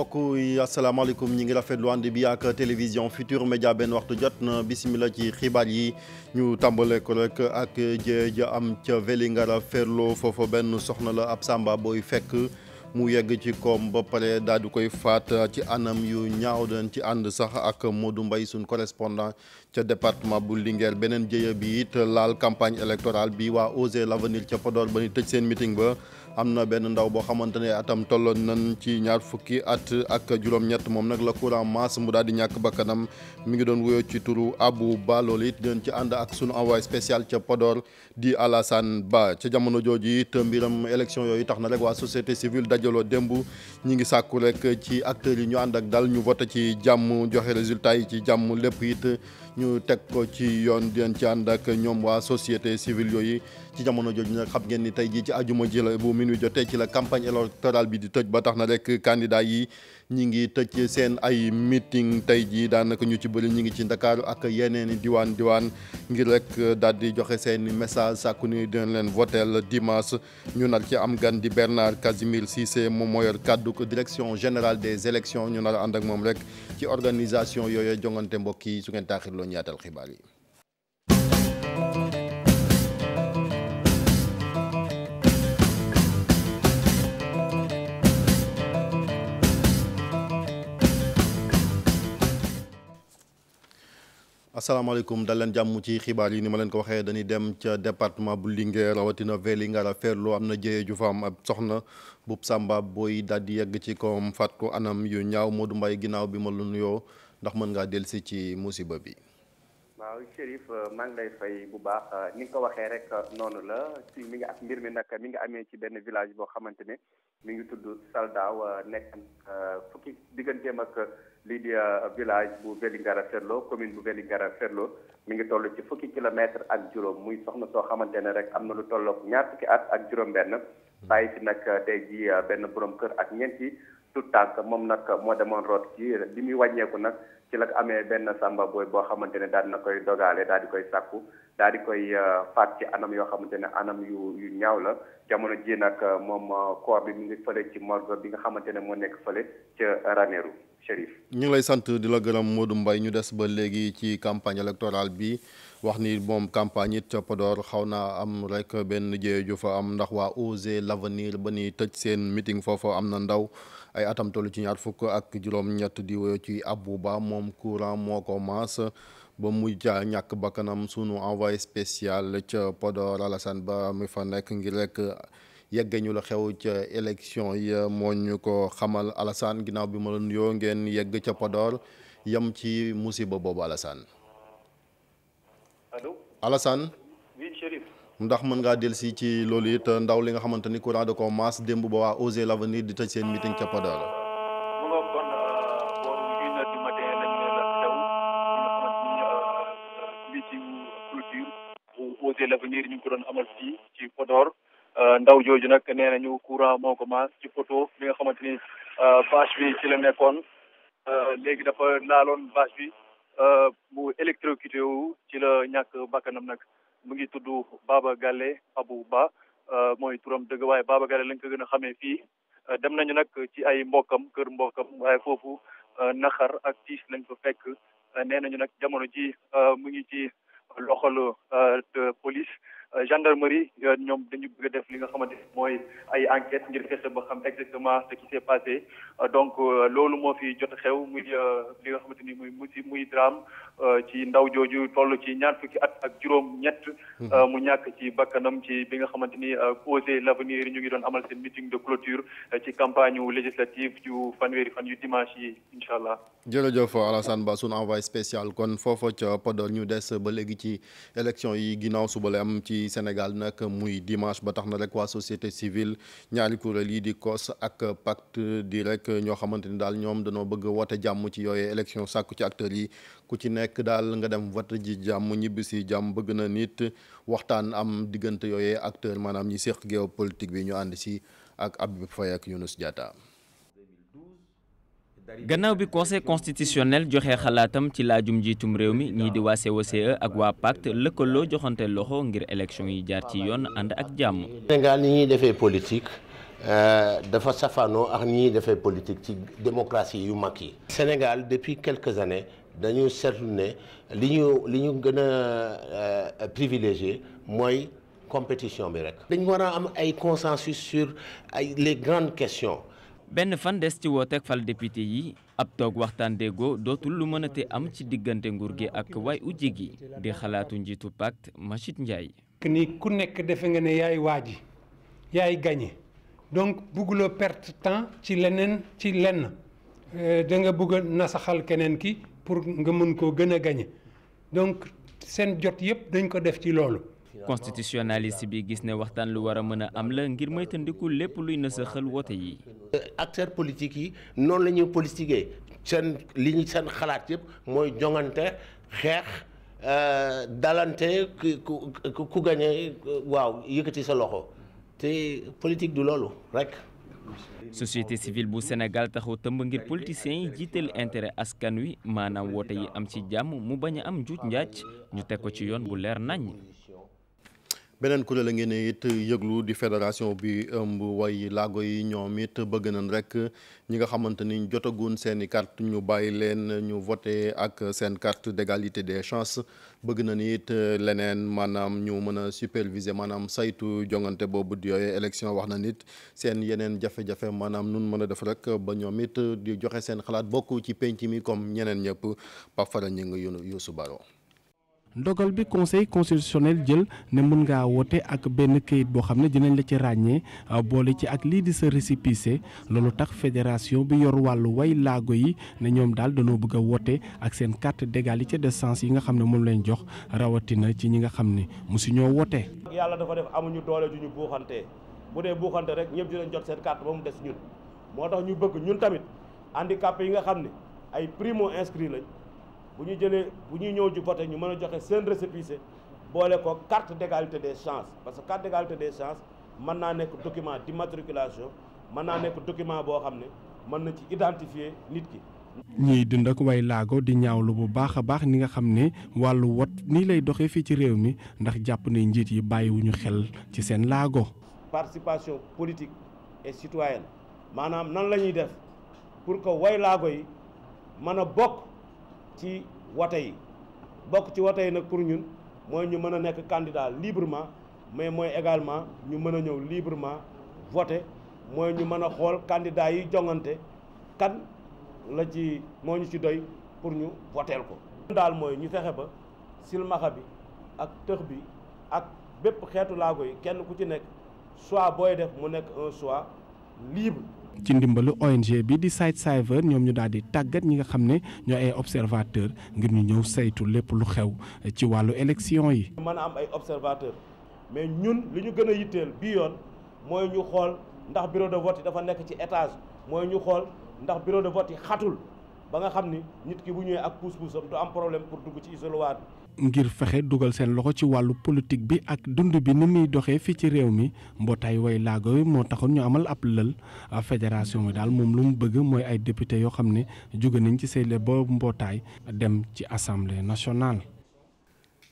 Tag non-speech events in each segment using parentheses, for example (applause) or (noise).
mbokk yi asalaamaaleykum ñi ngi rafetlu ànd bi ak télévision Futur Média benn waxtu jot na bisimila ci xibaar yi ñu tàmbale ko rek ak jëye ja am ca Vélingara Ferlo foofa benn soxna la ab sàmba booy fekk mu yegg ci koom ba pare daal di koy faat ci anam yu ñaaw dañ ci ànd sax ak Modou mbay suñ correspondant ca département bu Linguère beneen jëye bi it laal campagne électorale bi waa Osez l'Avenir ca Podor ba ñu tëj seen meeting ba am na benn ndaw boo xamante ne atam tolloon nañ ci ñaar fukki at ak juróom-ñett moom nag la courant mars mu daal di ñàkk bakkanam mu ngi doon wuyoo ci turu Abu Ba loolu it dinañ ci ànd ak sunu envoyé spécial ca podoor di Alassane baa ca jamono jooju it mbiram élection yooyu tax na rek waa société civile dajaloo démb ñi ngi sàkku rekk ci acteur yi ñu ànd ak dal ñu voté ci jàmm joxe résultat yi ci jàmm lépp it ñu teg ko ci yoon di ci ànd ak ñoom waa société civile yooyu ci jamono jooju nag xam ngeen ni tey jii ci ajuma ji la bu minuit jotee ci la campagne électorale bi di tëj ba tax na rek candidat yi ñi ngi tëj seen ay meeting tey jii daanaka ñu ci bëri ñu ngi ci Ndakaaru ak yeneen i diwaan diwaan ngir rek daal di joxe seeni message sàkku ni dinañ leen votel dimas ñu nar ci am gan di Bernard Casimir Cissé moom moo yor kàddu ko direction générale des élections ñu nar ànd moom rek ci organisation yooyu jongante mbokk yi su ngeen taaxir loon yaatal xibaar leen jàmm ci xibaar yi ni ma leen ko waxee dañuy dem ca département bu Linguère rawatina Vélingara Ferlo am na jëye ju ab soxna bub Samba booy daal yegg ci kawam faat ko anam yu ñaaw Modou Mbaye ginnaaw bi ma lu nuyoo ndax mën nga delsi ci musiba bi. waaw Chérif euh, maa ngi lay fay bu baax euh, ni nga ko waxee rek euh, noonu la ci mi ngi ak mbir mi nag mi ngi amee ci benn village boo xamante ne mi ngi tudd Saldaaw nekk fukki digganteem ak lii di village bu Vélingara Ferlo commune bu Vélingara Ferlo mi ngi toll ci fukki kilomètre ak juróom muy soxna soo xamante ne rek am na lu tollook ñaar fukki at ak juróom-benn bàyyi fi nag tey ji benn borom kër ak ñeenti tout tànk moom nag moo demoon root ci li muy wàññeeku nag. ci la amee benn sàmba booy boo xamante ne daal na koy dogaale daal koy sàkku daal koy euh, faat ci anam yoo xamante ne anam yu yu ñaaw la jamono ji nag euh, moom euh, corps bi mu ngi fële ci morgue bi nga xamante ne moo nekk fële ca Ranérou Chérif. ñu ngi lay sant di la gërëm Modou mbay ñu des ba léegi ci campagne électorale bi. wax ni moom campagne it ca xaw naa am rek benn jéeju fa am ndax waa Osez l'Avenir ba ni tëj seen meeting foofu am na ndaw ay atam toll ci ñaar fukk ak juróom-ñett di woyo ci Abouba moom courant moo ko maas ba mujj ñàkk bakkanam sunu envoyé spécial ca Podor Alassane Ba mi fa nekk ngir rek yegge ñu la xew ca élection yi moo ñu ko xamal Alassane ginnaaw bi ma la nuyoo ngeen yegg ca Podor yam ci musiba boobu Alassane. allo ndax mën ngaa del si ci loolu it ndaw li nga xamante ni courant de commerce démb ba waa Oser l'avenir di tëj seen meeting ca Podor l'avenir ñu ko doon amal fii ci Podor euh, ndaw jooju nag nee nañu courant moo ko maas ci photo bi nga xamante ni bâche euh, bi ci la nekkoon euh, léegi dafa laaloon bâche bi mu électrocuté wu ci la ñàkk bakkanam nag mu ngi tudd Baba gale abu Ba euh, mooy turam dëgg waaye Baba Galle lañ ko gën a xamee fii euh, dem nañu nag ci ay mbokkam kër mbokkam waaye foofu euh, naxar ak tiis lañ ko fekk nee nañu nag jamono ji mu ngi ci loxolu police Euh, gendarmerie euh, ñoom dañu bëgg a def li nga xamante mooy ay enquête ngir fexe ba xam exactement ce qui s'est passé euh, donc loolu moo fi jot xew muy li nga xamante ni muy muy muy drame ci ndaw jooju toll ci ñaar fukki at ak juróom ñett mhm. mu ñàkk ci bakkanam ci bi nga xamante ni Osez l'avenir ñu ngi doon amal seen meeting de clôture ci campagne législative yu fanweeri fan yu dimanche yi incha allah jërëjëf Alassane Ba sunu envoyé spécial kon foof ca Podor ñu des ba léegi ci ci Sénégal nag muy dimanche ba tax na rek waa société civile ñaari kuréel yi di COS ak pacte di rek ñoo xamante ni daal ñoom dañoo bëgg woote jàmm ci yooyee élection sàkku ci acteurs yi ku ci nekk daal nga dem vote ji jàmm ñibbi si jàmm bëgg na nit waxtaan am diggante yooyee acteur maanaam ñi séq géopolitique bi ñu ànd si ak Abib Faye ak Younous Diatta gannaaw bi conseil constitutionnel joxe xalaatam ci laajum njiitum réew mi ñii di waa COCE ak waa pacte lëkkaloo joxante loxo ngir élection yi jaar ci yoon ànd ak jàmm. Sénégal ni ñuy defee politique euh, dafa safaanoo ak ni ñuy defee politique ci démocratie yu mag yi. Sénégal depuis quelques années dañu seetlu ne li ñu li ñu gën a euh, privilégié mooy compétition bi rek. dañu war am ay consensus sur les grandes questions. benn fan des ci wooteeg fal député yi ab toog waxtaan déggoo dootul lu mën te am ci diggante nguur gi ak waay ujji gi di xalaatu njiitu pacte Machid Ndiaye. ni ku nekk defe nga ne yaay waaji yaay gagné donc bugguloo perte temps ci leneen ci lenn euh, da nga bëgg a nasaxal keneen ki pour nga mën koo gën a gagné donc seen jot yëpp dañ ko def ci loolu. constitutionnaliste bi gis ne waxtaan lu war a mën a am la ngir moytandiku lépp luy nasaxal woote yi. acteurs politiques yi noonu la ñuy politiquer seen li ñu seen xalaat yëpp mooy jongante xeex euh, dalante ku ku ku gañe waaw yëkkati sa loxo te politique du loolu rek. société civile bu Sénégal taxaw tëmb ngir politiciens yi jiital intérêt askan wi maanaam woote yi am ci jàmm mu bañ a am njuuj njaaj ñu teg ko ci yoon bu leer nañ beneen kuréel a ngi ne it yëglu di fédération bi ëmb way laago yi ñoom it bëgg nañ rek ñi nga xamante ni jotagun seen i carte ñu bàyyi leen ñu voté ak seen carte d'égalité des chance bëgg na ni it leneen maanaam ñu mën a superviser maanaam saytu jongante boobu di yooye élection wax na nit seen yeneen jafe-jafe maanaam nun mën a def rek ba ñoom it di joxe seen xalaat bokk ci penc mi comme ñeneen ñëpp Pape Fara ñu ngi Youssou Baro ndogal bi conseil constitutionnel jël ne mën nga woote ak benn kayit boo xam ne dinañ la ci ràññee euh, boole ci ak lii di sa récépissé loolu tax fédération bi yor wàllu way laago yi ne ñoom daal dañoo bëgg a woote ak seen carte d'égalité de sens yi nga xam ne moom leen jox rawatina ci ñi nga xam ne musu ñoo woote. yàlla dafa def amuñu doole ju ñu buuxante bu dee buuxante rek ñëpp dinañ jot seen carte ba mu des ñun moo tax ñu bëgg ñun tamit handicapé yi nga xam ne ay primo inscrits lañ. bu ñu jëlee bu ñuy ñëw ju voté ñu mën a joxe seen récépissé boole ko carte d'égalité des chances parce que carte d'égalité des chances mën naa nekk document d'immatriculation mën naa nekk document boo xam ne mën na ci identifier nit ki. ñuy dund ak way laago di ñaawlu bu baax a baax ni nga xam ne wàllu wot nii lay doxee fii ci réew mi ndax jàpp ne njiit yi bàyyiwuñu xel ci seen laago. participation politique et citoyenne maanaam nan la ñuy def pour ko way laago yi mën a bokk. ci wote yi bokk ci wote yi nag pour ñun mooy ñu mën a nekk candidat librement mais mooy également ñu mën a ñëw librement voter mooy ñu mën a xool candidat yi jongante kan la ci moo ñu ci doy pour ñu voteel ko daal mooy ñu fexe ba silmaxa bi ak tëx bi ak bépp xeetu laago yi kenn ku ci nekk choix booy def mu nekk un choix libre ci ndimbalu ONG bi di Sight Saver ñoom ñu daal di tàggat ñi nga xam ne ñoo ay observateur ngir ñu ñëw saytu lépp lu xew ci wàllu élection yi. mën a am ay observateur mais ñun li ñu gën a yitteel bii yoon mooy ñu xool ndax bureau de vote yi dafa nekk ci étage mooy ñu xool ndax bureau de vote yi xatul ba nga xam ni nit ki bu ñëwee ak puus-puusam du am problème pour dugg ci isoloir bi ngir fexe dugal seen loxo ci wàllu politique bi ak dund bi ni muy doxee fii ci réew mi mbootaay way laago yi moo taxoon ñu amal ab lël fédération bi daal moom lu mu bëgg mooy ay député yoo xam ne jóge nañ ci seen boobu mbootaay dem ci assemblée nationale.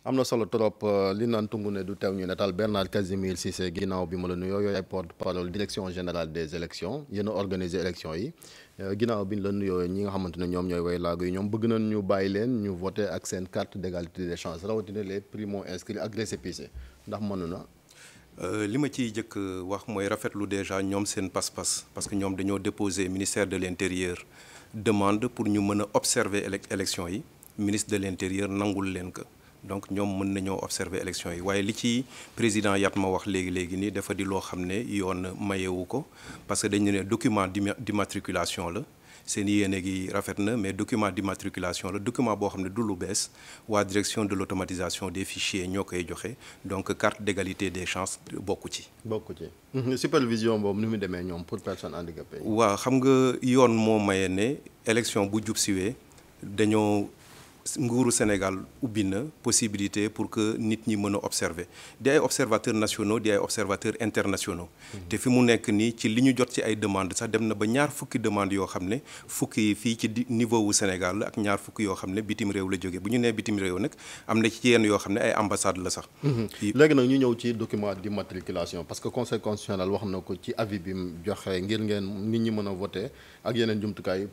am na solo trop euh, li naan tungu ne du teew ñu netaal Bernard Casimir Cissé ginnaaw bi ma la nuyoo yooyu ay porte parole direction générale des élections yéen a élections yi euh, ginnaaw bi ñu la nuyoo ñi nga xamante ne ñoom ñooy way laago yi ñoom bëgg nañ ñu bàyyi leen ñu voté ak seen carte d'égalité des chances rawatina les primo inscrits ak récépissé ndax mënu na. Euh, li ma ciy jëkk wax mooy rafetlu déjà ñoom seen passe-passe parce que ñoom dañoo déposé ministère de l'intérieur demande pour ñu mën a observer élec élection yi ministre de l'intérieur nangul leen ko. donc ñoom mën nañoo observer élection yi waaye li ci président yat ma wax léegi léegi nii dafa di loo xam ne yoon mayewu ko parce que dañu ne document d'immatriculation la seen yéene gi rafet na mais document d'immatriculation la document boo xam ne du lu bees waa direction de l'automatisation des fichiers ñoo koy joxe donc carte d'égalité des chances bokku ci. bokku ci mhm. supervision boobu ni mu demee ñoom pour personne handicapée. waaw xam nga yoon moo maye ne élection bu jub siwee dañoo. nguuru Sénégal ubbi na possibilité pour que nit ñi mën a observer di ay observateurs nationaux di ay observateurs internationaux. Hmm. te fi mu nekk nii ci li ñu jot ci ay demande sax dem na ba ñaar fukki demande yoo xam ne fukki fii ci niveau wu Sénégal ak ñaar fukki yoo xam ne bitim réew la jógee bu ñu nee bitim réew nag am na ci yenn yoo xam ne ay ambassades la sax. Hmm. léegi nag ñu ñëw ci document d'immatriculation parce que conseil constitutionnel wax na ko ci avis bi mu ñi mën a voter ak jumtukaay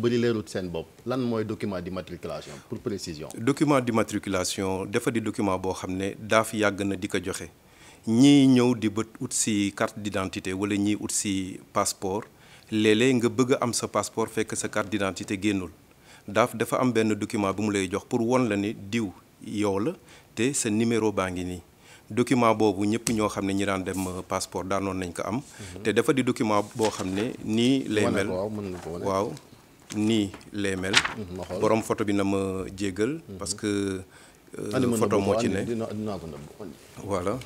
bëri leerut seen bopp lan mooy document d'immatriculation pour précision. document d'immatriculation dafa di document boo xam ne daaf yàgg na di ko joxe ñii ñëw di bët ut si carte d'identité wala ñii ut si passeport léeg nga bëgg am sa passeport fekk sa carte d'identité génnul daaf dafa am benn document bu mu lay jox pour won la ni diw yow la te sa numéro baa ngi nii. document boobu ñëpp ñoo xam ne ñi daan dem euh, passeport daanoon nañ ko am. Mhm. te dafa di document boo xam ne nii lay mel waaw nii lay mel. Mm-hmm, borom photo bi na ma jégal mm-hmm. parce que euh, photo moo ci ne. voilà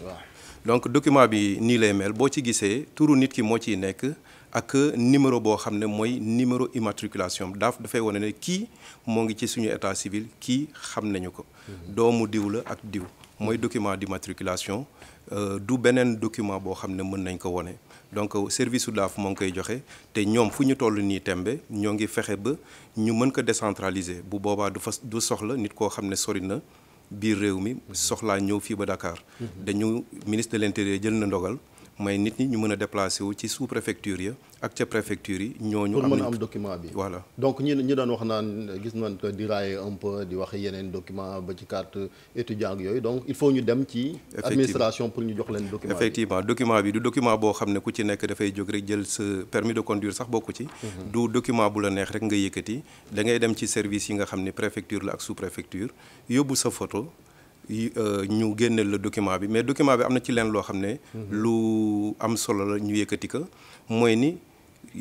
donc document bi nii lay mel boo ci gisee turu nit ki moo ciy nekk ak numéro boo xam ne mooy numéro immatriculation daaf dafay wane ne kii moo ngi ci suñu état civil kii xam nañu ko. Mm-hmm. doomu diw la ak diw. mooy document d'immatriculation euh, du beneen document boo xam ne mën nañ ko wone donc euh, service daaf moo ngi koy joxe te ñoom fu ñu toll nii tembe ñoo ngi fexe ba ñu mën ko décentraliser bu boobaa du fa du soxla nit koo xam ne sori na biir réew mi soxlaa ñëw fii ba dakaar mm-hmm. dañu ministre de l'intérieur jël na ndogal. mooy nit ñi ñu mën a déplacé wu ci sous préfecture ya ak ca préfecture yi ñooñu. am pour am document bi. voilà donc ñi ñu doon wax naan gis nañ ko di railler un peu di wax yeneen document ba ci carte étudiant ak yooyu donc il faut ñu dem ci. administration pour ñu jox leen document effectivement document bi du document boo xam ne ku ci nekk dafay jóg rek jël sa permis de conduire sax bokku ci. Mhm. du document bu la neex rek nga yëkkati da ngay dem ci service yi nga xam ne préfecture la ak sous préfecture sa photo. Euh, ñu génneel la document bi mais document bi am na ci leen loo xam ne. Mhm. lu am solo la ñu yëkkati ko mooy ni.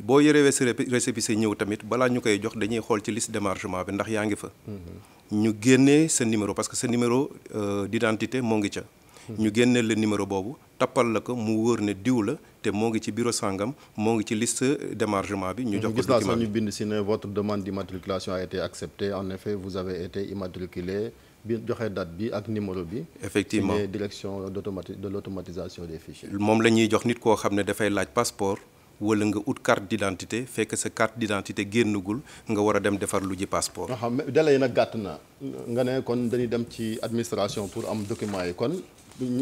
boo yorewee sa récépissé ñëw tamit balaa ñu koy jox dañuy xool ci liste d'émargement bi ndax yaa ngi fa mhm. ñu génnee sa numéro parce que sa numéro euh, d'identité moo ngi ca mhm. ñu génnee la numéro boobu tappal la ko mu wóor ne diw la te moo ngi ci bureau sangam moo ngi ci liste d'émargement bi ñu jox ko gis naa sax ñu bind si ne votre demande d'immatriculation a été acceptée en effet vous avez bi joxe date bi ak numéro bi. effectivement ci direction d'automati de l'automatisation des fichiers. moom la jox nit koo xam ne dafay laaj passeport wala nga ut carte d'identité fekk sa carte d'identité génnagul nga war a dem defar lu ji passeport. nga xam délai yi nag gàtt na nga ne kon dañuy dem ci administration pour am document yi kon.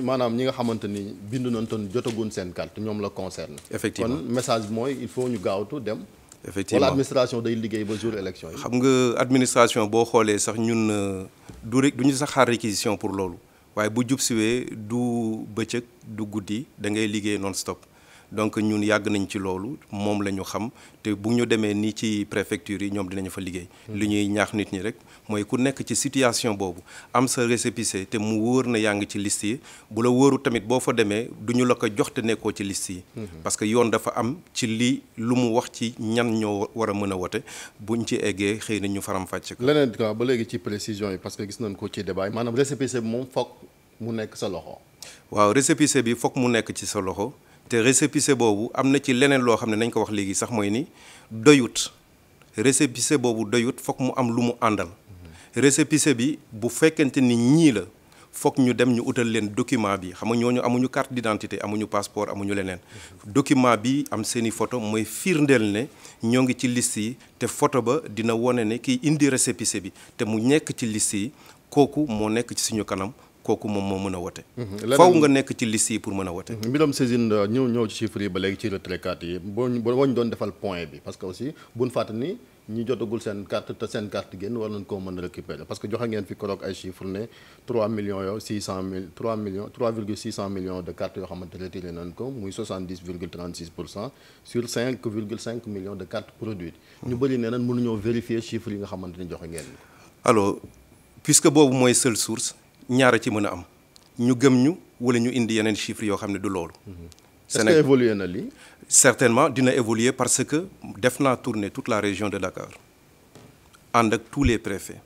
maanaam ñi nga xamante ni bindu nañu ton jotaguñ seen carte ñoom la concerne. effectivement kon message mooy il faut ñu gaawtu dem. effectivement wala administration liggéey ba jour élection xam nga administration boo xoolee sax ñun euh, du rek du ñu sax réquisition pour loolu waaye bu jub siwee du bëccëg du guddi da ngay liggéey non stop. donc ñun yàgg nañ ci loolu moom la ñu xam te bu ñu demee nii ci préfecture yi ñoom dinañu fa liggéey. Hmm. li ñuy ñaax nit ñi rek mooy ku nekk ci situation boobu am sa récépissé te mu wóor na yaa ngi ci liste yi bu la wóoru tamit boo fa demee du ñu la ko jox te nekkoo ci liste yi. Mhm. parce que yoon dafa am ci lii lu mu wax ci ñan ñoo war a mën a wote buñ ci eggee xëy na ñu faram fàcc ko. leneen quoi ba léegi ci précision yi parce que gis nañ ko ci débat yi maanaam récépissé bi moom foog mu nekk sa loxo. waaw récépissé bi foog mu nekk ci sa loxo. te récépissé boobu am na ci leneen loo xam ne nañ ko wax léegi sax mooy ni doyut récépissé boobu doyut foog mu am lu mu àndal récépissé bi bu fekkente ni ñii la foog ñu dem ñu utal leen document bi xam nga ñooñu amuñu carte d'identité amuñu passeport amuñu leneen document bi am seeni photo mooy firndeel ne ñoo ngi ci liste yi te photo ba dina wone ne kii indi récépissé bi te mu nekk ci liste yi kooku moo nekk ci suñu kanam kooku moom moo mën a wote. Mhm. faw nga nekk ci liste yi pour mën a wote. Mhm. mbiram saisine ñëw ñëw ci chiffres ba léegi ci retrait carte yi boo boo ñu doon defal point bi parce que aussi buñ fàttali ñu jotagul seen carte te seen carte génn war nañ koo mën a récupérer parce que joxe ngeen fi koroog ay chiffres ne 3 millions yoo 600 mille millions de cartes yoo xamante retiré nañ ko muy 70 virgule 36 pour cent sur 5 virgule 5 millions de cartes produites. ñu bëri nee nañ mënuñoo vérifier chiffres yi nga xamante ni joxe ngeen ko. alors puisque boobu mooy seule source a ci mën a am ñu gëm ñu wala ñu indi yeneen chiffres yoo xam ne du loolu. Sénégal est-ce certainement dina évoluer parce que def naa tourner tout la région de Dakar ànd ak tous les préfets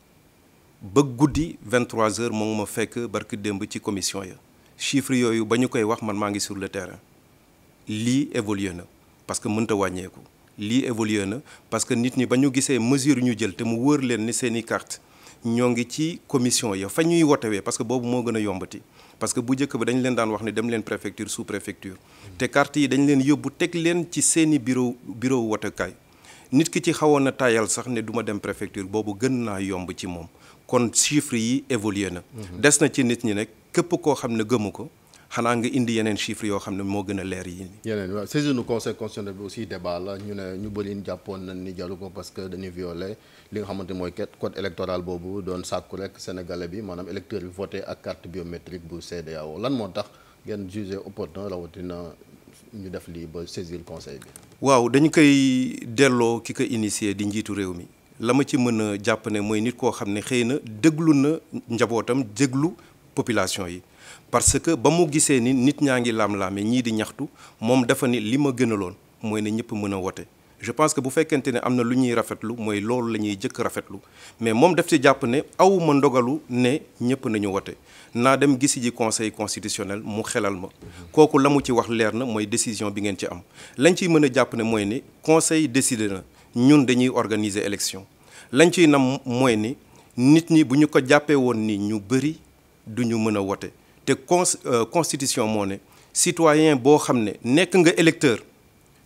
ba guddi 23 heures moo ngi ma fekk barki démb ci commission ya chiffres yooyu ba ñu koy wax man maa ngi sur le terrain lii évolué na parce que mënta wàññeeku lii évolué na parce que nit ñi ba ñu gisee mesure ñu jël te mu wër leen ni seeni carte ñoo ngi ci commission ya fa ñuy wotewee parce que boobu moo gën a yombati parce que bu njëkk bi dañ leen daan wax ne dem leen préfecture sous préfecture te carte yi dañu leen yóbbu teg leen ci seeni bureau bureau watekaay nit ki ci xawoon a taayal sax ne duma dem préfecture boobu gën naa yomb ci moom kon chiffre yi évolué na mhm. des na ci nit ñi nag képp koo xam ne gëmu ko xanaa nga indi yeneen chiffres yoo xam ne moo gën a leer yi. yeneen waaw saisine conseil constitutionnel bi aussi débat la ñu ne ñu bëri jàppoon nañ ni jaru ko parce que dañuy violé li nga xamante mooy code électoral boobu doon sàkku rek sénégalais bi maanaam électeur bi voté ak carte biométrique bu CEDEAO lan moo tax ngeen jugé opportun rawatina ñu def lii ba saisir conseil waaw dañu koy delloo ki ko initié di njiitu réew mi. la ma ci mën a jàpp ne mooy nit koo xam ne xëy na déglu na njabootam déglu population yi parce que ba mu gisee ni nit ñaa ngi laam-laame ñii di ñaxtu moom dafa ni li ma gënaloon mooy ne ñëpp mën a wote je pense que bu fekkente ne am na lu ñuy rafetlu mooy loolu la jëkk rafetlu mais moom def ci jàpp ne aw ma ndogalu ne ñëpp nañu wote naa dem gisi ji conseil constitutionnel mu xelal ma kooku la mu ci wax leer na mooy décision bi ngeen ci am lañ ciy mën a jàpp ne mooy ni conseil décidé na ñun dañuy organiser élection lañ ciy nam mooy ni nit ñi bu ñu ko jàppee woon ni ñu bëri duñu mën a wote te con euh, constitution moo ne citoyen boo xam ne nekk nga électeur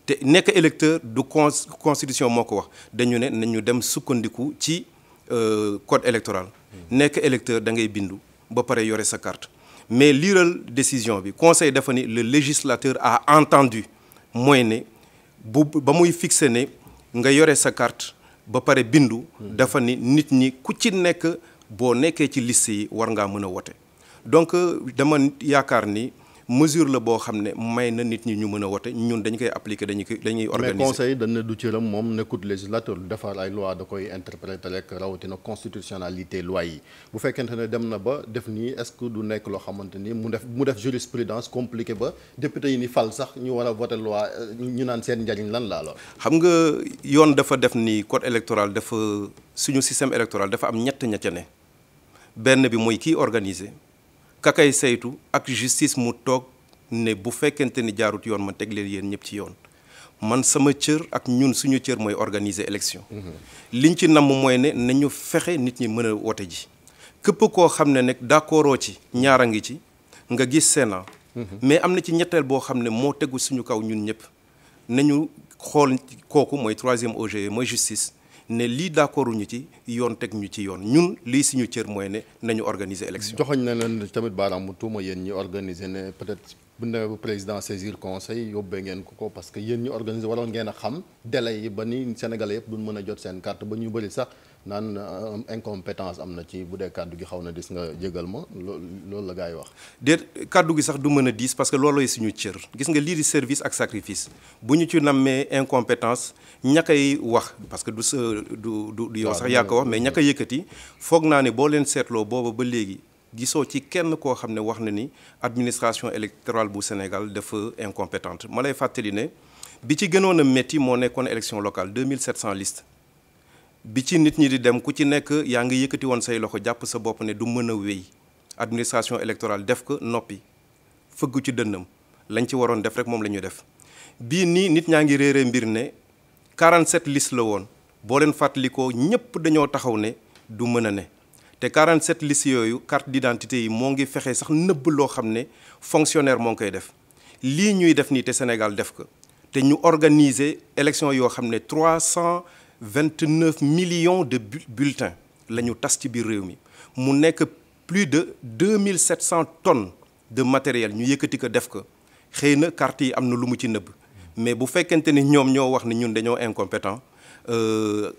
te nekk électeur du con constitution moo ko wax dañu ne nañu dem sukkandiku ci euh, code électoral nekk électeur da ngay bindu ba pare yore sa carte mais liiral décision bi conseil dafa ni le législateur a entendu mooy ne bu ba muy fixé ne nga yore sa carte ba pare bindu dafa ni nit ñi ku ci nekk boo nekkee ci liste yi war ngaa mën a wote donc euh, dama yaakaar ni mesure la boo xam ne may na nit ñi ñu mën a wote ñun dañ koy appliquer dañu koy dañuy organiser mais conseil dañ du cëram moom nekkut législateur lu defar ay loi da koy interpréter rek rawatina constitutionnalité loi yi bu fekkente ne dem na ba def nii est-ce que du nekk loo xamante ni mu def mu def jurisprudence compliqué ba député yi ni fal sax ñu war a voter loi euh, ñu naan seen njariñ lan laa la xam nga yoon dafa def ni code électoral dafa suñu système électoral dafa am ñett ña ne benn bi mooy kii organiser kakay saytu ak justice mu toog ne bu fekkente ni jaarut yoon ma teg leen yéen ñëpp ci yoon man sama cër ak ñun suñu cër mooy organiser élection mm-hmm. liñ ci namm mooy ne nañu fexe nit ñi mën a wote ji képp koo xam ne nag d'accordoo ci ñaar a ngi ci nga gis Sénat mm-hmm. mais am na ci ñetteel boo xam ne moo tegu suñu kaw ñun ñëpp nañu xool kooku mooy troisième OGE mooy justice ne lii d'accord ñu ci yoon teg ñu ci yoon ñun lii suñu cër mooy ne nañu organiser élection. joxoñ na leen tamit baaraamu tuuma yéen ñi organiser ne peut-être bu ne président saisir conseil yóbbee ngeen ko ko parce que yéen ñi organiser waroon ngeen a xam délai yi ba ni sénégal yëpp duñ mën a jot seen carte ba ñu bëri sax. naan euh, incompétence am na ci bu dee kàddu gi xaw na dis nga jëgal ma loolu la gars yi wax. déet kàddu gi sax du mën a diis parce que loolooy suñu cër gis nga lii di service ak sacrifice bu ñu ci nammee incompétence ña koy wax parce que du sa du du du sax yaa ko wax mais ña koy yëkkati foog naa ne boo leen seetloo booba ba léegi. gisoo ci kenn koo xam ne wax na ni administration électorale bu Sénégal dafa incompétente ma lay fàttali ne bi ci gënoon a métti moo nekkoon élection locale 2700 listes bi ci nit ñi di dem ku ci nekk yaa ngi yëkkati woon say loxo jàpp sa bopp ne du mën a wéy administration électorale def ko noppi fëggu ci dënnam lañ ci waroon def rek moom la ñu def bii nii nit ñaa ngi réeree mbir ne 47 liste la woon boo leen fàttalikoo ñëpp dañoo taxaw ne du mën a ne te 47 liste yooyu carte d'identité yi moo ngi fexe sax nëbb loo xam ne fonctionnaire moo ngi koy def lii ñuy def nii te Sénégal def ko te ñu organiser élection yoo xam ne 300. vingt neuf millions de bulletin la ñu tas ci biir réew mi mu nekk plus de deux mille sept cent tonnes de matériel ñu yëkkati ko def ko xëy na carte yi am na lu mu ci nëbb mais bu fekkente ni ñoom ñoo wax ni ñun dañoo incompétent euh,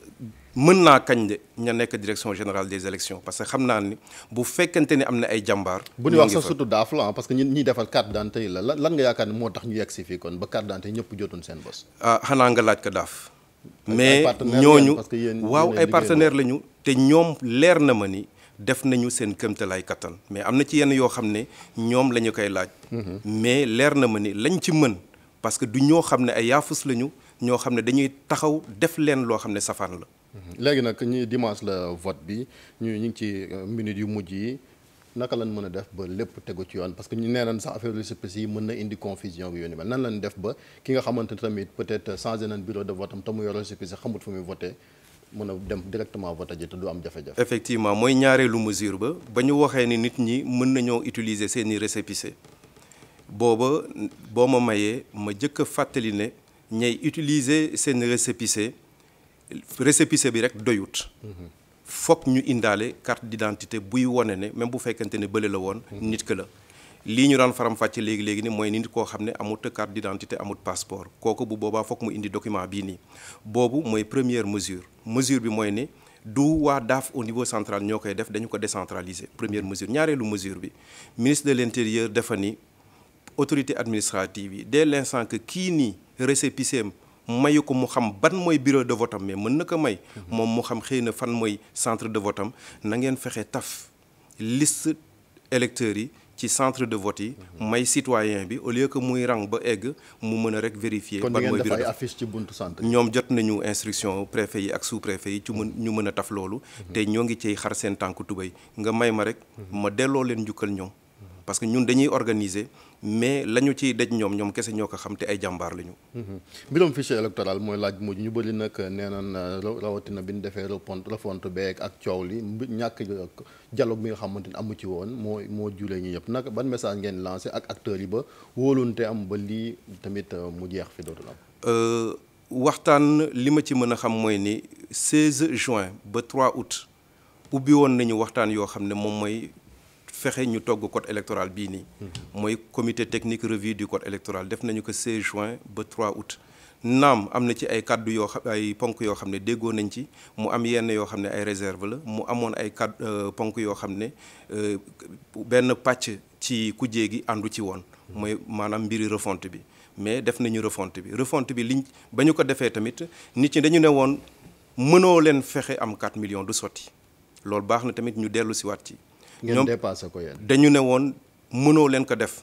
mën naa kañ de ña nekk direction générale des élections parce que xam naa ni bu fekkente ni am na ay jàmbaar. bu ñu wax sax surtout daaf la ah, parce que ñun ñuy defal carte d'identité la lan nga yaakaar ne moo tax ñu yegg si fii kon ba carte d'identité ñëpp jotoon seen bos. Ah, xanaa nga laaj ko daaf. mais ñooñu waaw ay partenaires lañu te ñoom leer na ma ni def nañu seen këmtalaay kattan mais am na ci yenn yoo xam ne ñoom la ñu koy laaj mhm. mais leer na ma ni lañ ci mën parce que du ñoo xam ne ay yaafus lañu ñoo xam ne dañuy taxaw def leen loo xam ne safaan la mhm. léegi nag ñi dimanche la vote bi ñu ñu ngi ci euh, minutes yu mujj yi naka lan mën a def ba lépp tegu ci yoon parce que ñu nee nañ sax affaire récépissé yi mën na indi confusion bi yoon mel nan lañ def ba ki nga xamante tamit peut-être changé nañ bureau de vote am te mu yor récépissé xamut fu muy voté mën a dem directement vote ji te du am jafe-jafe. effectivement mooy ñaareelu mesure ba ba ñu waxee ni nit ñi mën nañoo utiliser seeni récépissé booba boo ma mayee ma jëkk a fàttali ne ñay utiliser seen récépissé récépissé bi rek doyut. Mm-hmm. foog ñu indaale carte d'identité buy wane ne même bu fekkente ne bële la woon nit ki la lii ñu daan faram-fàcce léegi léegi ni mooy nit koo xam ne amut carte d'identité amut passeport kooku bu boobaa foog mu indi document bii nii boobu mooy première mesure mesure bi mooy ne du waa daaf au niveau central ñoo koy def dañu ko décentraliser première mesure ñaareelu mesure bi ministre de l'intérieur dafa ni autorité administrative yi dès l'instant que kii nii récépissé am mayu ko mu xam ban mooy bureau de vote am mais mën na ko may mhm. moom mu xam xëy na fan mooy centre de vote am na ngeen fexe taf liste électeurs yi ci centre de vote yi mhm. may citoyen bi au lieu que muy rang ba egg mu mën a rek vérifier ban mooy bureau affiche ci buntu centre ñoom jot nañu instruction préfet yi ak sous préfet yi ci mën ñu mën a taf loolu mhm. te ñoo ngi ciy xar seen tànk tubéy nga may ma rek ma delloo leen njukkal ñoom parce que ñun dañuy organiser mais la ñu ciy daj ñoom ñoom kese ñoo ko xam te ay jàmbaar lañu ñu. Mm-hmm. mbirum électoral mooy laaj mujj ñu bëri nag nee naan euh, rawatina bi ñu defee refonte refonte beeg ak coow li ñàkk euh, dialogue bi nga xamante ni amu ci woon moo moo juree ñu yëpp nag ban message ngeen lancé ak acteur yi ba wóolunte am ba lii tamit euh, mu jeex fi dootul am. waxtaan li ma ci mën a xam mooy ni 16 juin ba 3 août ubbi woon nañu waxtaan yoo xam ne moom mooy fexe ñu togg code électoral bii nii. mooy comité technique revue du code électoral def nañu ko 16 juin ba 3 août. naam am na ci ay kàddu yoo xam ay ponk yoo xam ne déggoo nañ ci mu am yenn yoo xam ne ay réserve la mu amoon ay kàddu euh, ponk yoo xam ne euh, benn pàcc ci ku gi àndu ci woon. mooy maanaam mbiri refonte bi mais def nañu refonte bi refonte bi liñ ba ñu ko defee tamit nit ñi dañu ne woon mënoo leen fexe am 4 million du sotti loolu baax na tamit ñu dellu siwaat ci. ngeen dépassé ko yéen dañu ne woon mënoo leen ko def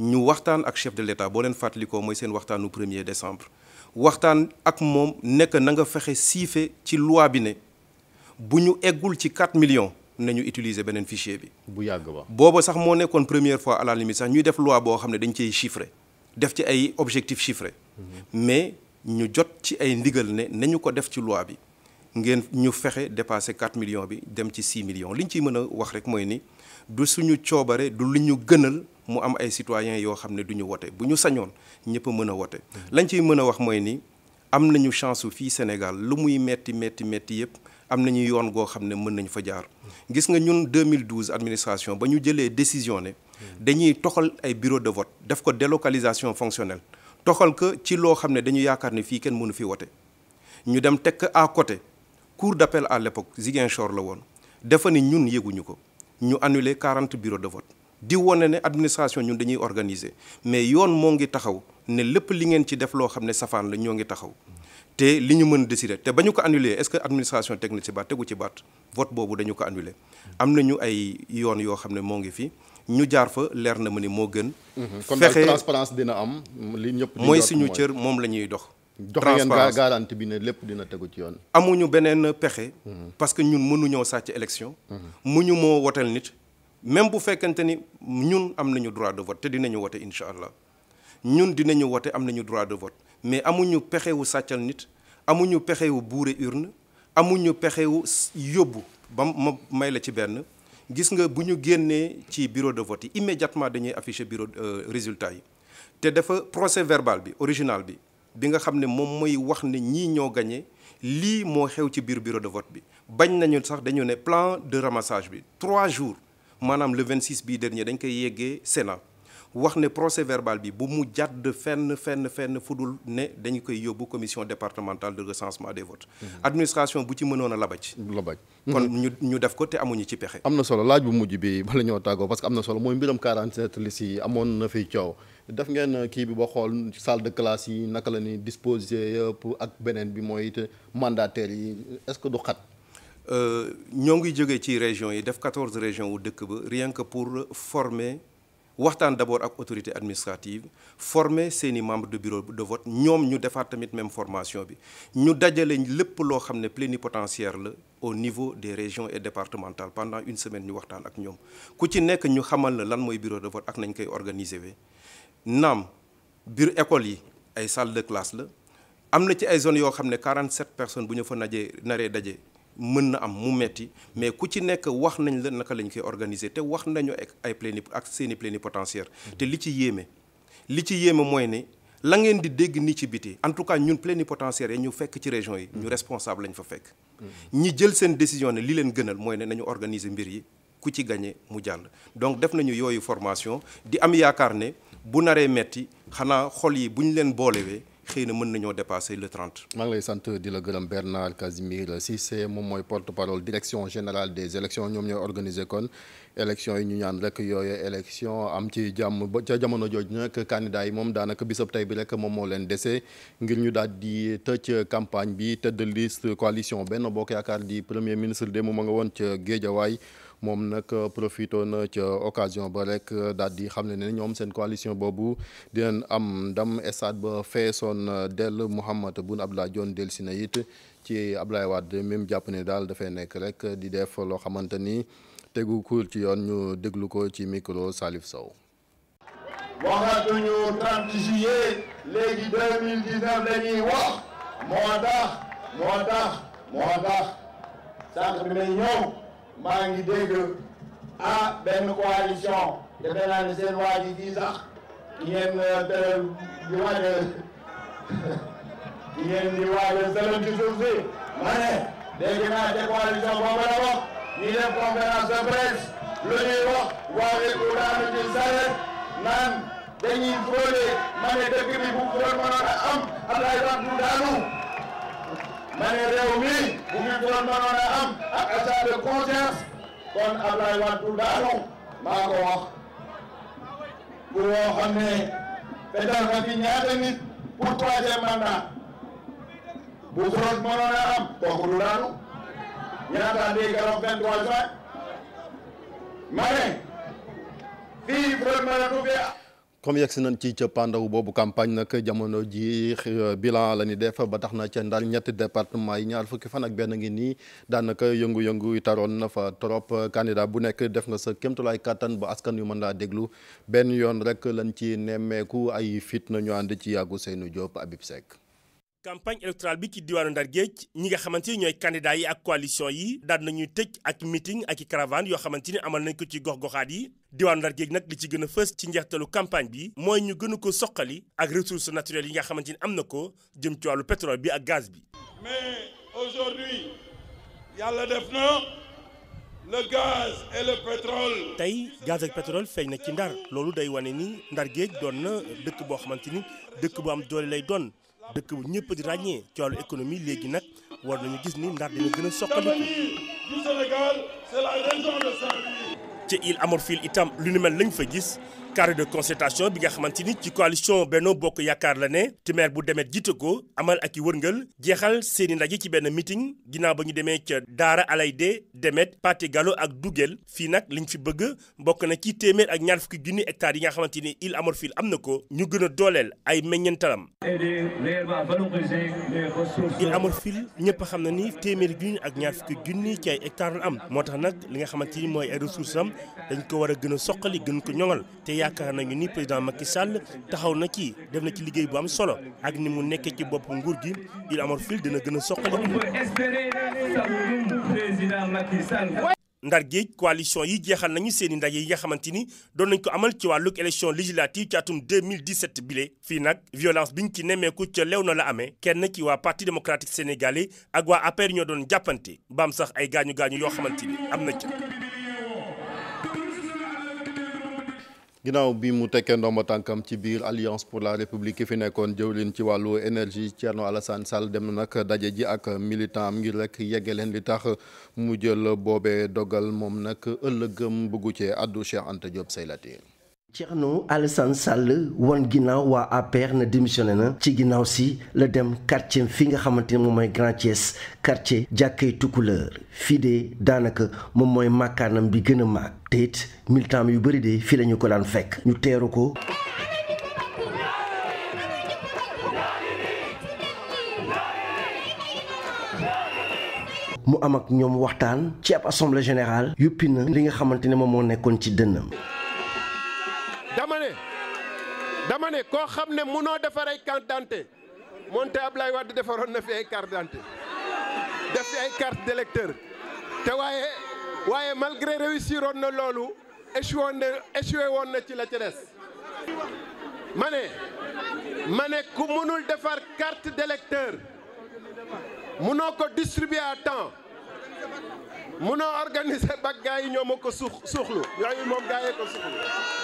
ñu waxtaan ak chef de letat boo leen fàttalikoo mooy seen waxtaanu premier décembre waxtaan ak moom nekk na nga fexe siife ci loi bi ne bu ñu eggul ci 4 million nañu utiliser beneen fichier bi. bu yàgg ba booba sax moo nekkoon première fois à la sax ñuy def loi boo xam ne dañ cey chiffré def ci ay objectif chiffrés mm-hmm. mais ñu jot ci ay ndigal ne nañu ko def ci loi bi. ngeen ñu fexe dépassé 4 million bi dem ci 6 million li ñu ciy mën a wax rek mooy ni du suñu coobare du lu ñu gënal mu am ay citoyens yoo xam ne du ñu wote bu ñu sañoon ñëpp mën a wote. Mm-hmm. lañ ciy mën a wax mooy nii am nañu chance fii Sénégal lu muy metti metti metti yëpp am na ñu yoon goo xam ne mën nañu fa jaar. Mm-hmm. gis nga ñun 2012 administration ba ñu jëlee décision ne. Mm-hmm. dañuy toxal ay bureau de vote def ko délocalisation fonctionnelle toxal ko ci loo xam ne dañu yaakaar ne fii kenn mënu fi wote ñu dem tekk à côté. cour d'appel à l'époque Ziguinchor la woon dafa ni ñun yëguñu ko ñu annuler quarante biro de vote di wone ne administration ñun dañuy organiser mais yoon moo ngi taxaw ne lépp li ngeen ci def loo xam ne safaan la ñoo ngi taxaw te li ñu mën décider te ba ñu ko annuler est-ce que administration technique ci baat tegu ci baat vote boobu dañu ko annuler am na ñu ay yoon yoo xam ne moo ngi fi ñu jaar fa leer na ma ni moo gën. fexe kon transparence dina am ñëpp mooy suñu cër moom la ñuy dox. jox ngeen gaa garanti bi ne lépp dina tegu ci yoon. amuñu beneen pexe. Hmm. parce que ñun mënuñoo sàcc hmm. mu ñu moo woteel nit. même bu fekkente ni ñun am nañu droit de vote te dinañu wote incha allah ñun dinañu wote am nañu droit de vote mais amuñu pexe wu sàccal nit amuñu pexe wu buure urne amuñu pexe yóbbu ba ma may la ci benn gis nga bu ñu génnee ci bureau de vote yi immédiatement dañuy afficher bureau euh, résultat yi te dafa procès verbal bi original bi. bi nga xam ne moom mooy wax ne ñii ñoo gagné lii moo xew ci biir bureau de vote bi bañ nañu sax dañu ne plan de ramassage bi trois jours maanaam le 26 bii dernier dañ koy yeggee Sénat wax ne procès verbal bi bu mu jàdd fenn fenn fenn fu dul ne dañu koy yóbbu commission départementale de recensement des votes. Mhm. administration bu ci mënoon a labaj. labaj kon mhm. ñu ñu def ko te amuñu ci pexe. am na solo laaj bu mujj bi (laughs) bala ñoo tàggoo parce que am na solo mooy mbiram 47 liste yi amoon na fi coow. def ngeen kii bi ba xool salle de classe yi naka la ni disposé yëpp ak beneen bi mooy it mandataires yi est-ce que du xat. Euh, ñoo ngi jógee ci régions yi def 14 régions wu dëkk ba rien que pour former. waxtaan d'abord ak autorité administrative former seeni membre de bureau de vote ñoom ñu defaat tamit même formation bi ñu dajale lépp loo xam ne plénipotentiaire la au niveau des région et départementales pendant une semaine ñu waxtaan ak ñoom ku ci nekk ñu xamal la lan mooy bureau de vote ak nañ koy organiser we naam biir école yi ay salle de classe la am na ci ay zones yoo xam ne quarante 47 personnes bu ñu fa najee naree daje mën na am mu metti mais ku ci nekk wax nañ la naka lañ koy organiser te wax nañu ay pléni ak seeni plénipotentiaire mm-hmm. te li ci yéeme li ci yéeme mooy ne la ngeen di dégg ni ci biti en tout cas ñun plénipotentiaire yi ñu fekk ci région yi ñu mm-hmm. responsable lañ fa fekk mm-hmm. ñi jël seen décision ne li leen gënal mooy ne nañu organiser mbir yi ku ci gagné mu jàll donc def nañu yooyu formation di am yaakaar ne bu naree metti xanaa xol yi bu ñu leen boolewee xëy na mën nañoo dépasser le 30. maa ngi lay di la gërëm Bernard Casimir Cissé moom mooy porte-parole direction générale des élections ñoom ñooy organiser kon élections yi ñu ñaan rek yooyu élection am ci jàmm ba ca jamono jooju nag candidat yi moom daanaka bisab tey bi rek moom moo leen dese ngir ñu daal di tëj campagne bi tëdd liste coalition benn bokk yaakaar di premier ministre démb ma nga woon ca Géejawaay. moom nag euh, profito na ca occasion ba rekk euh, daal di xam ne ne ñoom seen coalition boobu dinañ am ndam stade ba feesoon euh, dell Mouhamed Boun Abdallah Dionne dellusi na it ci Abdoulaye Wade même jàpp ne daal dafay nekk rek di def loo xamante ni tegu kuur ci yoon ñu déglu ko ci micro Salif Sow. waxatuñu 30 juillet léegi 2019 la ñuy wax moo tax moo tax moo tax sànq may ñëw. maa ngi dégg ah benn coalition defe naa seen waa ji fii sax ngeen euh, tëral di waaj a (laughs) ngeen di waaj a sëlëm ci suuf si ma ne dégg naa te coalition boobu la wax ñu def conférence de presse lu ñuy wax waawee ku daanu ci saret naan dañuy frôler ma ne dëkk bi bu frôle mënoon a am Abdoulaye Wade daanu ma ne mi bu ñu doon mënoon a am ak état de conscience kon Ablaye Wade daanu maa ko wax pour woo xam ne fetal na fi ñaata nit pour troisième mandat bu Soros mënoon a am kooku du daanu ñaata di keroog 23 juin ma ne fii vote mënatu fi comme yegg si nañ ci cëppandaw boobu campagne nag jamono ji euh, bilan la ñu def ba tax na ca Ndar ñett département yi ñaar fukki fan ak benn ngi nii daanaka yëngu-yëngu taroon na fa trop candidat bu nekk def nga sa kémtulaay kàttan ba askan yu mën laa déglu benn yoon rek lañ ci nemmeeku ay fit na ñu ànd ci yàggu Seynou Diop Habib Seck campagne électorale bi ci diwaanu Ndar Géej ñi nga xamante ni ñooy candidats yi ak coalition yi daan nañuy tëj ak meeting ak i caravane yoo xamante ni amal nañ ko ci gox-goxaat yi diwaanu Ndar Géej nag li ci gën a fës ci njeextalu campagne bi mooy ñu gën a ko soqali ak ressources naturelles yi nga xamante ni am na ko jëm ci wàllu pétrole bi ak gaz bi. mais aujourd'hui yàlla def na le gaz et le tey gaz ak pétrole feeñ na ci ndar loolu day wane ni Ndar Géej doon na dëkk boo xamante ni dëkk bu am doole lay doon. dëkk bu ñëpp di ràññee ci wàllu économie léegi nag war nañu gis ni Ndar dina gën a soqaliku du Sénégal c'est ci Île à itam lu ni mel lañ fa gis carré de concertation bi nga xamante ni ci coalition Benno Bokk Yaakaar la ne téeméer bu demet jiite ko amal ak i wërngal jeexal seeni ndaje ci benn meeting ginnaaw ba ñu demee ca Daara de Demet Paté Gallo ak Dugel fii nag li liñ fi bëgg bokk na ci téeméer ak ñaar fukki junni ectare yi nga xamante ni Île à Morphil am na ko ñu gën a dooleel ay meññantalam. Île à Morphil ñëpp xam na ni téeméer junni ak ñaar fukki junni ci ay hectares la am moo tax nag li nga xamante ni mooy ay dañ ko war a gën a soqali gën ko yaakaar nañu ni président Macky Sall taxaw na ci def na ci liggéey bu am solo ak ni mu nekkee ci bopp nguur gi Ile Amorphile dina gën a soqali. ndar géej coalition yi jeexal nañu seen i ndaje yi nga xamante ni doon nañ ko amal ci wàllug élection législative ci atum 2017 bile fii nag violence biñ ci nemmeeku ca lew na la amee kenn ci waa parti démocratique sénégalais ak waa APR ñoo doon jàppante baam sax ay gaañu gaañu yoo xamante ni am na ca. ginnaaw bi mu tekkee ndomba tànkam ci biir alliance pour la république ki fi nekkoon jëwlin ci wàllu énergie Thierno Alassane Sall dem nag daje ji ak militant am ngir rek yegge leen li tax mu jël boobee dogal moom nag ëllëgëm bëggu cee addu Cheikh Anta Diop Seylati Thierno Alassane Sall wan ginaaw waa APR na démissionné na ci ginnaaw si la dem quartier fi nga xamante ne moom mooy Grand Thiès quartier jàkkay Tukulëër fii de daanaka moom mooy màkkaanam bi gën a màgg te it yu bari de fii lañu ko daan fekk ñu teeru ko. mu am ak ñoom waxtaan ci ab assemblée générale yuppi na li nga xamante ne moom moo nekkoon ci dënnam. dama ne koo xam ne munoo defar ay carte d'identité moonte Ablaye Wade defaroon na fi ay carte d'identité def fi ay carte d'électeur te waaye waaye malgré réussir woon na loolu échoué na woon na ci la ca ma ne ma ne ku munul defar carte d'électeur munoo ko distribuer à temps munoo organiser ba gars yi ñoo ma ko suux suuxlu yooyu moom gars ko suuxlu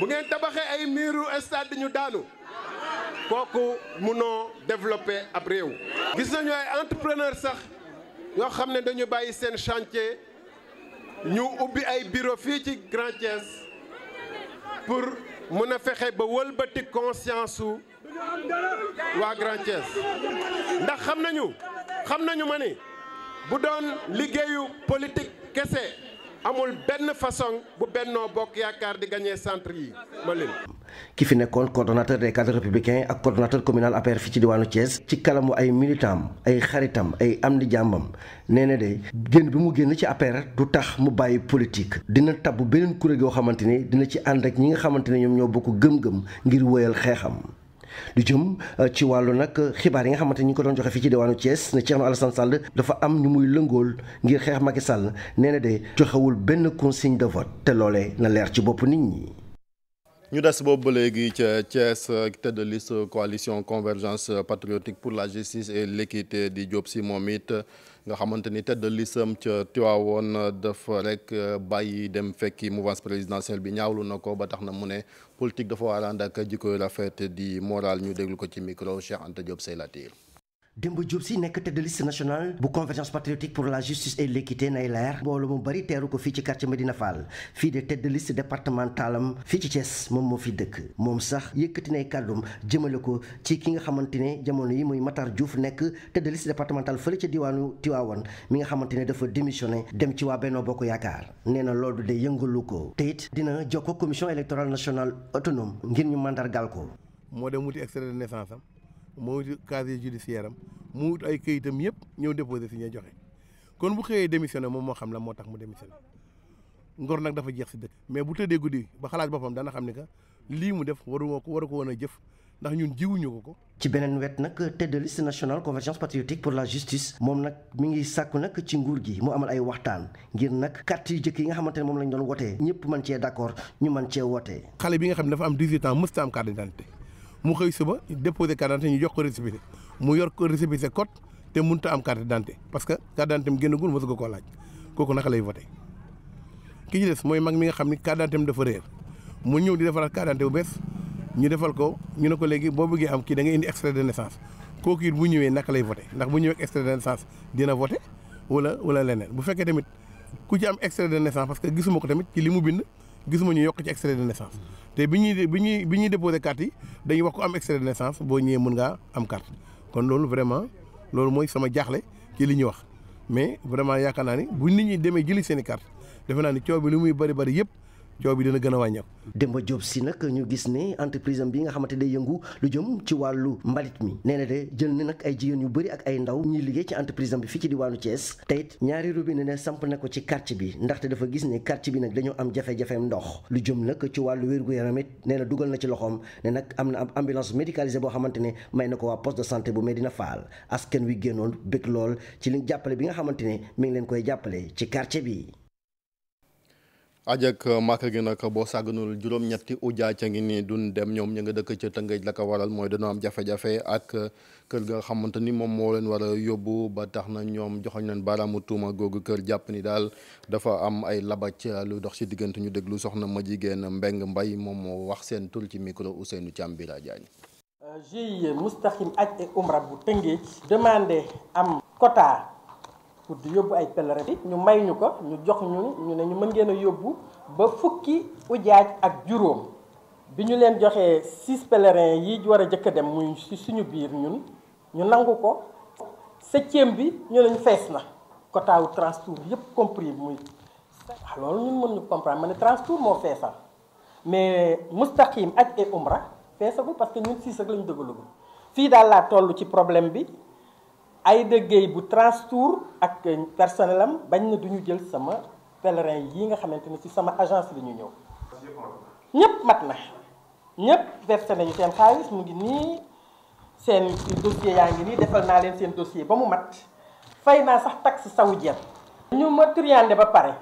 bu ngeen tabaxee ay miiru stade ñu daanu kooku munoo développer ab réew. gis nañu ay entrepreneur sax yoo xam ne dañu bàyyi seen chantier ñu ubbi ay bureau fii ci Grand Thiès pour mun a fexe ba wëlbati conscience su waa Grand Thiès ndax xam nañu xam nañu ma ni bu doon liggéeyu politique kese. amul benn façon bu bennoo bokk yaakaar di gagné centre yi ma lim. ki fi nekkoon coordonnateur des cadres républicains ak coordonnateur communal APR fi ci diwaanu Thiès. ci kalamu ay militam ay xaritam ay am di jàmbam nee na de génn bi mu génn ci APR du tax mu bàyyi politique. dina tabb beneen kuréel yoo xamante ni dina ci ànd ak ñi nga xamante ne ñoom ñoo bokk gëm-gëm ngir wëyal xeexam. lu jëm euh, ci wàllu nag euh, xibaar yi nga xamante ni ñu ko doon joxe fii ci diwaanu Thiès ne Thierno Alassane Sall dafa am ñu muy lëngool ngir xeex Macky Sall nee na de joxewul benn consigne de vote te loole na leer ci bopp nit ñi. ñu des boobu ba léegi ca Thiès euh, tête de liste coalition convergence patriotique pour la justice et l'équité di Diop si moom it. nga xamante ni tête de listam ca Tiwaawoon dafa rek euh, bàyyi dem fekki mouvance présidentielle bi ñaawlu na ko ba tax na mu ne politique dafa war a ànd ak jikko yu di moral ñu déglu ko ci micro Cheikh Anta Diop Seylatir Demba Diop si nekk tête de liste bu convergence patriotique pour la justice et l'équité nay leer mbooloo mu bari teeru ko fii ci quartier Medina Fall fii de tête de liste départementalam fii ci Thiès moom moo fi dëkk moom sax yëkkati nay kàddum jëmale ko ci ki nga xamante ne jamono yi muy Matar Diouf nekk tête de departemental départementale fële ca diwaanu Tiwaawan mi nga xamante ne dafa démissionné dem ci waa Benno Bokk Yaakaar nee na loolu de yëngalu ko te it dina jokkoo commission électorale nationale autonome ngir ñu mandargal ko. moo dem wuti extrait de moo wut casier judiciaire am mu wut ay këyitam yëpp ñëw déposé si ñuy joxe kon bu xëyee démissionné moom moo xam la moo tax mu démissionné ngor nag dafa jeex si dëkk. mais bu tëddee guddi ba xalaat boppam dana xam ne que lii mu def waru woo ko waru ko woon a jëf ndax ñun jiwuñu ko ko. ci beneen wet nag tête de liste nationale convergence patriotique pour la justice moom nag mi ngi sàkku nak ci nguur gi mu amal ay waxtaan ngir nag carte yu jëkk yi nga xamante moom lañ doon wotee ñëpp mën cee d'accord ñu mën cee wotee. xale ne dafa am 18 ans mësta am carte mu xëy suba déposé carte d'identité ñu jox ko récépissé mu yor ko récépissé code te mun a am carte d'identité parce que carte d'identité am génnagul mosu ko koo laaj kooku naka lay voté ki ci des mooy mag mi nga xam ni carte d'identité am dafa réer mu ñëw di defaraat carte d'identité bu bees ñu defal ko ñu ne ko léegi boo bëggee am kii da ngay indi extrait de naissance kooku it bu ñëwee naka lay voté ndax bu ñëwee extrait de naissance dina voté wala wala leneen bu fekkee tamit ku ci am extrait de naissance parce que gisuma ko tamit li mu bind. gis gisuma ñu yokk ci extrait de naissance te bi ñuy bi ñuy bi ñuy déposé yi dañuy wax ko am extrait de naissance boo ñëwee mën ngaa am carte kon loolu vraiment loolu mooy sama jaaxle ci li ñuy wax mais vraiment yaakaar naa ni bu nit ñi demee jëli seen i carte defe naa ni coow bi lu muy bëri bëri yëpp coow bi dina gën a wàññeeku. Demba Diop si nag ñu gis ni entreprise am bi nga xamante day yëngu lu jëm ci wàllu mbalit mi nee na de jël na nag ay jigéen yu bëri ak ay ndaw ñuy liggéey ci entreprise bi fii ci di Thiès te it ñaari robinet ne samp na ko ci quartier bi ndaxte dafa gis ne quartier bi nag dañoo am jafe-jafeem ndox lu jëm nag ci wàllu wér-gu-yaram it nee na dugal na ci loxoom ne nag am na am ambulance médicalisée boo xamante ne may na ko waa poste de santé bu Medina Fall askan wi génnoon bëgg lool ci li jàppale bi nga xamante ne mi ngi leen koy jàppale ci quartier bi ajak màkk boo sàgganul juróom-ñetti ujaa a ngi nii duñ dem ñoom ñu nga dëkk ca Tëngéej la ko waral mooy dañoo am jafe-jafe ak kër ga xamante ni moom moo leen war yóbbu ba tax na ñoom joxoñ leen baaraamu tuuma googu kër jàpp ni daal dafa am ay labac lu dox ci diggante ñu déglu soxna ma jigéen Mbeng Mbay moom moo wax seen tur ci micro Ousseynou Thiam Bira Diagne GIE euh, Moustahim Hajj et Omra bu Tëngéej demandé am quota pour di yóbbu ay pèlerin ñu may ñu ko ñu jox ñu ñu ne ñu mën ngeen a yóbbu ba fukki ujaaj ak juróom bi ñu leen joxee six pèlerins yi war a jëkk a dem muy si suñu biir ñun ñu nangu ko septième bi ñu ne fees na quota wu transtour yëpp compris muy waaw loolu ñun mën ñu comprendre ma ne transtour moo feesal mais mustaqim ak et umra feesagul parce que ñun siis ak lañu dëggalugu fii daal laa toll ci problème bi ay Gueye bu Transtour ak personnel am bañ na duñu jël sama pèlerin yi nga xamante ni ci sama agence la ñu ñëw ñëpp mat na ñëpp versé nañu seen xaalis mu ngi nii seen dossier yaa ngi nii defal naa leen seen dossier ba mu mat fay naa sax taxe saoudienne ñu ma triandé ba pare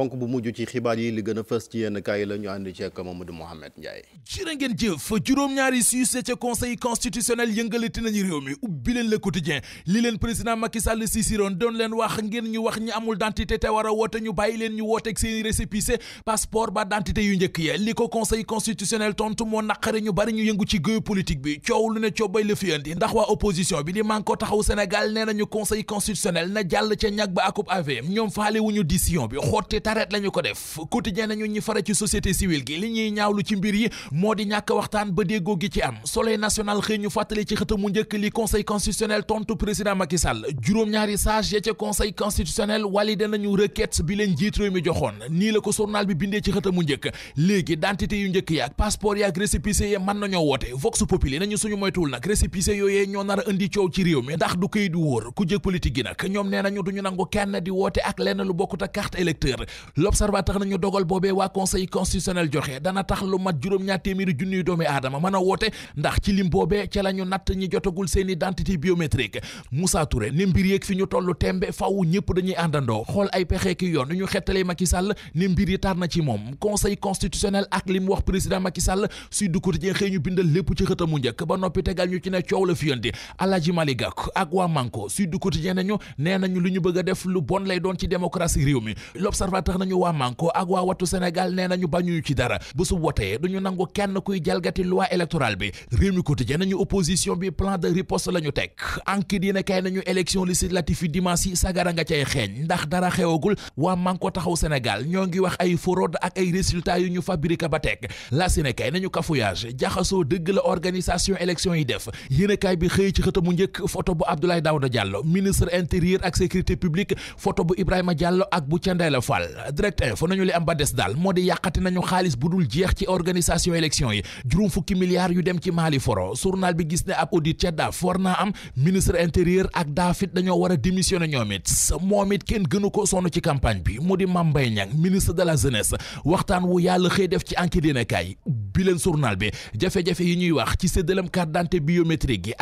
ponk bu mujj ci xibaar yi li gën a fës ci yenn kaay la ñu ànd ceeg Mamadou Mohamed Ndiaye jërë ngeen jëf juróom-ñaari suisse ca conseil constitutionnel yëngalati nañu réew mi ubbi leen le quotidien li leen président Macky Sall si siroon doon leen wax ngeen ñu wax ñi amul dentité te war a woote ñu bàyyi leen ñu wooteeg seeni récépissé passeport ba dentité yu njëkk ya li ko conseil constitutionnel tontu moo naqare ñu bari ñu yëngu ci géeyu politique bi coow lu bi di Manko Taxawu Sénégal nee nañu conseil constitutionnel na jàll ca ñag ba akub saret lañu ko def quotidien nañu ñi fara ci société civile yi moo di waxtaan ba déggoo gi ci am soleil national xëy ñu fàttali ci mu njëkk li conseil constitutionnel tontu président Macky Sall juróom-ñaari sage ya ca conseil constitutionnel walide nañu requête bi leen njiit réew mi joxoon ko journal bi bindee ci xëta mu njëkk léegi d'identité yu njëkk yaak passeport yaak récépissé yi mën nañoo woote vox populi nañu suñu moytuwul nag récépissé yooyee ñoo nar a indi coow ci réew mi ndax du kayit wóor ku jëg politique gi nag ñoom nee nañu duñu nangu kenn di woote ak lenn lu bokkut ak carte électeur l'observateur nañu dogal boobee waa conseil constitutionnel joxe dana tax lu mat juróom-ñaar téeméeri junniy doomi aadama mën a woote ndax ci lim boobee ca la ñu natt ñi jotagul seen identité biométrique Moussa Touré ni mbir yeeg fi ñu toll tembe faw ñëpp dañuy àndandoo xool ay pexe ki yoon ñu xettalee Macky Sall ni mbir yi tar na ci moom conseil constitutionnel ak li mu wax président Macky Sall su du jeexee ñu bindal lépp ci xët mu njëkk ba noppi tegal ñu ci ne coow la fi yëndi Alaaji Malick Gakou ak waa Manko su du quotidien nañu nee nañu li ñu bëgg def lu bon lay doon ci démocratie réew mi ba tax nañu waa Manko ak waa watu Sénégal nee nañu bañuñu ci dara bu su wotee duñu nangu kenn kuy jalgati loi électorale bi réew mi quotidien nañu opposition bi plan de riposte lañu ñu teg enquête yi ne kay nañu élection législative yi dimanche yi sagara nga cay xeeñ ndax dara xewagul waa Manko taxaw Sénégal ñoo ngi wax ay fraude ak ay résultats yu ñu fabriqué ba teg la sine kay nañu cafouillage jaxasoo dëgg la organisation élection yi def yéenekaay bi xëy ci njëkk photo bu Abdoulaye Daouda Diallo ministre intérieur ak sécurité publique photo bu Ibrahima Diallo ak bu Thiendella Fall direct info nañu li am ba des daal moo di yàqati nañu xaalis bu dul jeex ci organisation élection yi juróom fukki milliards yu dem ci Mali foro journal bi gis ne ab audit ca daaf naa am ministre intérieur ak daafit dañoo war a démissionner ñoom kenn gënu ko sonn ci campagne bi mu di Mame Mbaye Niang ministre de la jeunesse waxtaan wu yàlla xëy def ci enquête kaay bi leen bi jafe-jafe yi ñuy wax ci séddalam carte d'identité biométrique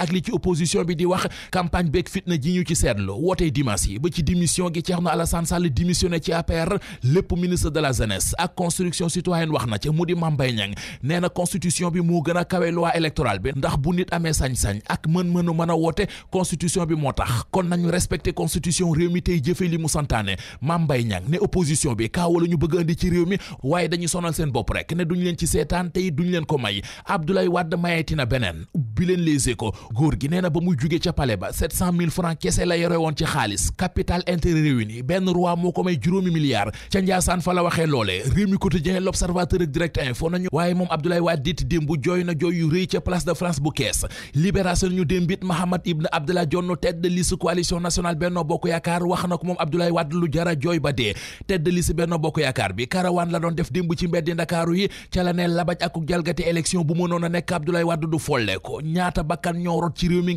gi Dakar lépp ministre de la jeunesse ak construction citoyenne wax na ca mu di Mame Mbaye Niang nee na constitution bi moo gën a kawe loi électorale bi ndax bu nit amee sañ-sañ ak mën-mënu mën a woote constitution bi moo tax kon nañu respecté constitution réew mi tey jëfe li mu santaane Mame Mbaye Niang ne opposition bi kaa wala ñu bëgg andi ci réew mi waaye dañuy sonal seen bopp rek ne duñ leen ci seetaan tey duñ leen ko may Abdoulaye Wade mayeeti na beneen leen Les Échos góor gi nee na ba muy jugee ca palais ba 700 000 francs kese la woon ci xaalis capital intérêt réuni benn roi moo ko may juróomi Dakar ca Ndiassane fa la waxee loolee réew mi quotidien l'observateur ak direct info nañu waaye moom Abdoulaye Wade dit démb jooy na jooy yu rëy ca place de France bu kees libération ñu démb it Ibn Abdallah Dionne tête de coalition nationale Benno Bokk Yaakaar wax na ko moom Abdoulaye Wade lu jara jooy ba dee tête de liste Benno Bokk Yaakaar bi karawaan la doon def démb ci mbeddi Ndakaaru yi ca la ne labaj ak jalgati élection bu mënoon a nekk Abdoulaye Wade du folle ko ñaata bakkan ñoo rot ci réew moom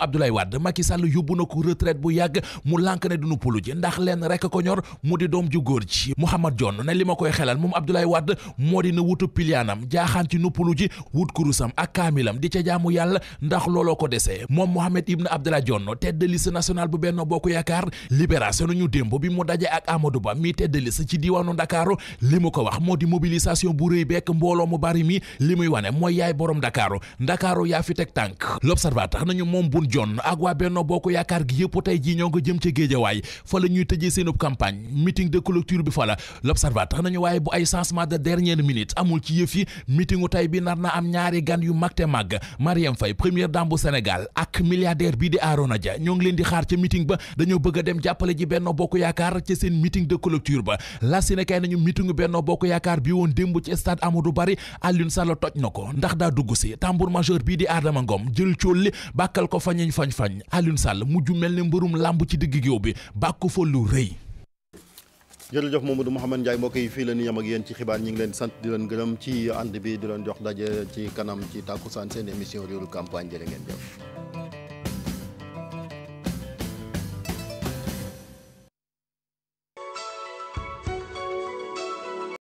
Abdoulaye Wade Macky Sall yóbbu na ko retraite mu lànk ne duñu pulu ji ndax leen rek ko ñor mu di doom ju góor ji Mouhamad Dionne ne li ma koy xelal moom Abdoulaye Wade moo di na wutu piliyaanam jaaxaan ci nuppalu ji wut kurusam ak kaamilam di ca jaamu yàlla ndax looloo ko desee moom Mohamed Ibn Abdallah Dionne tête de liste nationale bu Benno Bokk Yaakaar libération nañu démb bi mu daje ak Amadou Ba mi tête de liste ci diiwaanu Ndakaaru li mu ko wax moo di mobilisation bu rëy bekk mbooloo mu bari mi li muy wane mooy yaay borom Ndakaaru Ndakaaru yaa fi teg tànk L'Observateur tax nañu moom Boun Dionne ak waa Benno Bokk Yaakaar gi yëpp tey ji ñoo ca Géejawaay fa la ñuy tëjee seenub campagne meeting de clôture bi fa la l'observateur nañu waaye bu ay changement de dernière minute amul ci yëf yi meetingu tey bi nar na am ñaari gan yu mag te màgg Marième Faye première dame bu ak milliardaire bii di Arona Dia ñoo ngi leen di xaar ca meeting ba dañoo bëgg a dem jàppale ji Benno Bokk Yaakaar ca seen meeting de clôture ba la si nañu meetingu Benno Bokk Yaakaar bi woon démb ci stade Amadou géew bi bàkku fa lu rëy. jërëjëf Mamadou Mouhamed Ndiaye mbokk yi fii la yem ak yéen ci xibaar ñi ngi leen sant di leen gërëm ci ànd bi di leen jox daje ci kanam ci tàkkusaan seen émission réeru campagne jërë ngeen jëf.